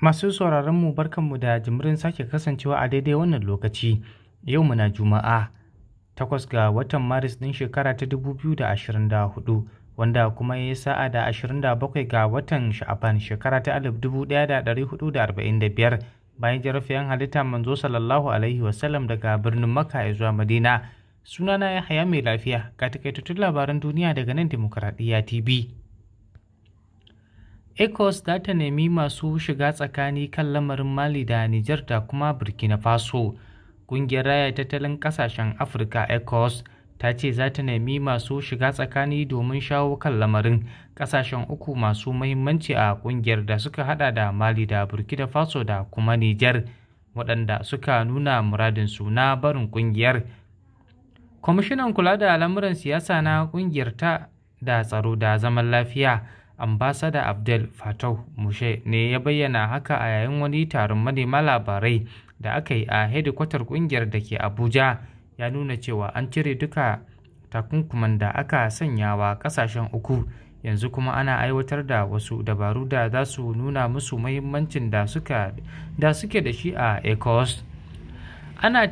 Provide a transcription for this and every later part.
Masu sauraronmu barkanmu da jimirin sake kasancewa a daidai wannan lokaci, yau muna Juma'a, takwas ga watan Maris ɗin shekara ta 2024, wanda kuma ya yi sa'a da 27 ga watan Sha'aban shekara ta 1445 bayan jarafiyan halitta manzo sallallahu Alaihi wasallam daga birnin Makka ya zuwa Madina. Sunana ya haya mai lafiya ga takaitattun labaran duniya daga nan Dimokuraɗiyya TV. ECOWAS za ta nemi masu shiga tsakani kan lamarin Mali da Nijar da kuma Burkina Faso. Ƙungiyar Raya Tattalin Ƙasashen Afirka ECOWAS ta ce za ta nemi masu shiga tsakani domin shawo kan lamarin ƙasashen uku masu mahimmanci a ƙungiyar da suka hada da Mali da Burkina Faso da kuma Nijar waɗanda suka nuna muradinsu na barin ƙungiyar. Kwamishinan kula da lamuran siyasa na ƙungiyar ta da tsaro da zaman lafiya ambasada abdel fatou mushe ne ya bayyana haka a yayin wani taron manema labarai da aka yi a hedikwatar kungiyar da ke abuja ya nuna cewa an cire duka takunkuman da aka sanyawa kasashen uku yanzu kuma ana aiwatar da wasu dabaru da za su nuna musu muhimmancin da da suke da shi a ecos ana ana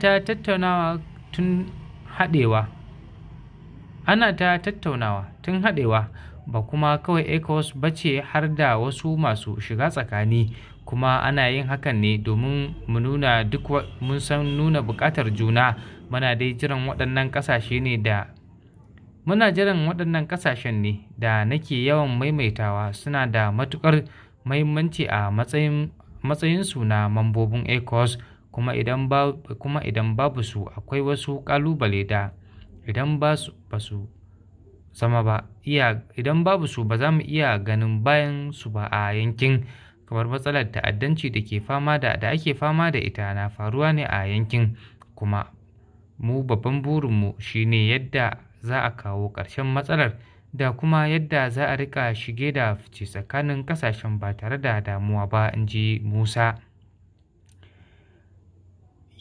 ta tattaunawa tun haɗewa ba kuma kawai ecos ba ce har da wasu masu shiga tsakani kuma ana yin hakan ne domin nuna duk mun san nuna bukatar juna muna dai jiran waɗannan ƙasashe ne da muna jiran waɗannan ƙasashen ne da nake yawan maimaitawa suna da matukar mahimmanci a matsayin suna na mambobin ecowas kuma idan babu su akwai wasu ƙalubale da idan ba su sama ba iya idan babu su ba za mu iya ganin bayan su ba a yankin kamar matsalar ta'addanci da ke fama da da ake fama da ita na faruwa ne a yankin kuma mu babban burinmu shine yadda za a kawo ƙarshen matsalar da kuma yadda za a rika shige da fice tsakanin ƙasashen ba tare da damuwa ba in ji musa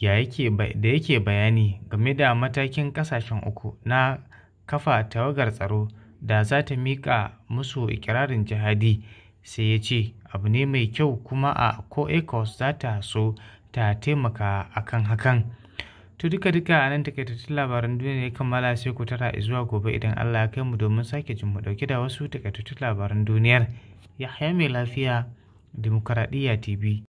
ya yake da yake bayani game da matakin ƙasashen uku na kafa tawagar tsaro da za ta miƙa musu ikirarin jihadi sai ya ce abu ne mai kyau kuma a ko ecos za ta so ta taimaka akan hakan to duka duka a nan takaitattun labaran duniya ne kammala sai ku tara zuwa gobe idan allah ya kai mu domin sake jin mu dauke da wasu takaitattun labaran duniyar yahya mai lafiya dimokuraɗiyya tv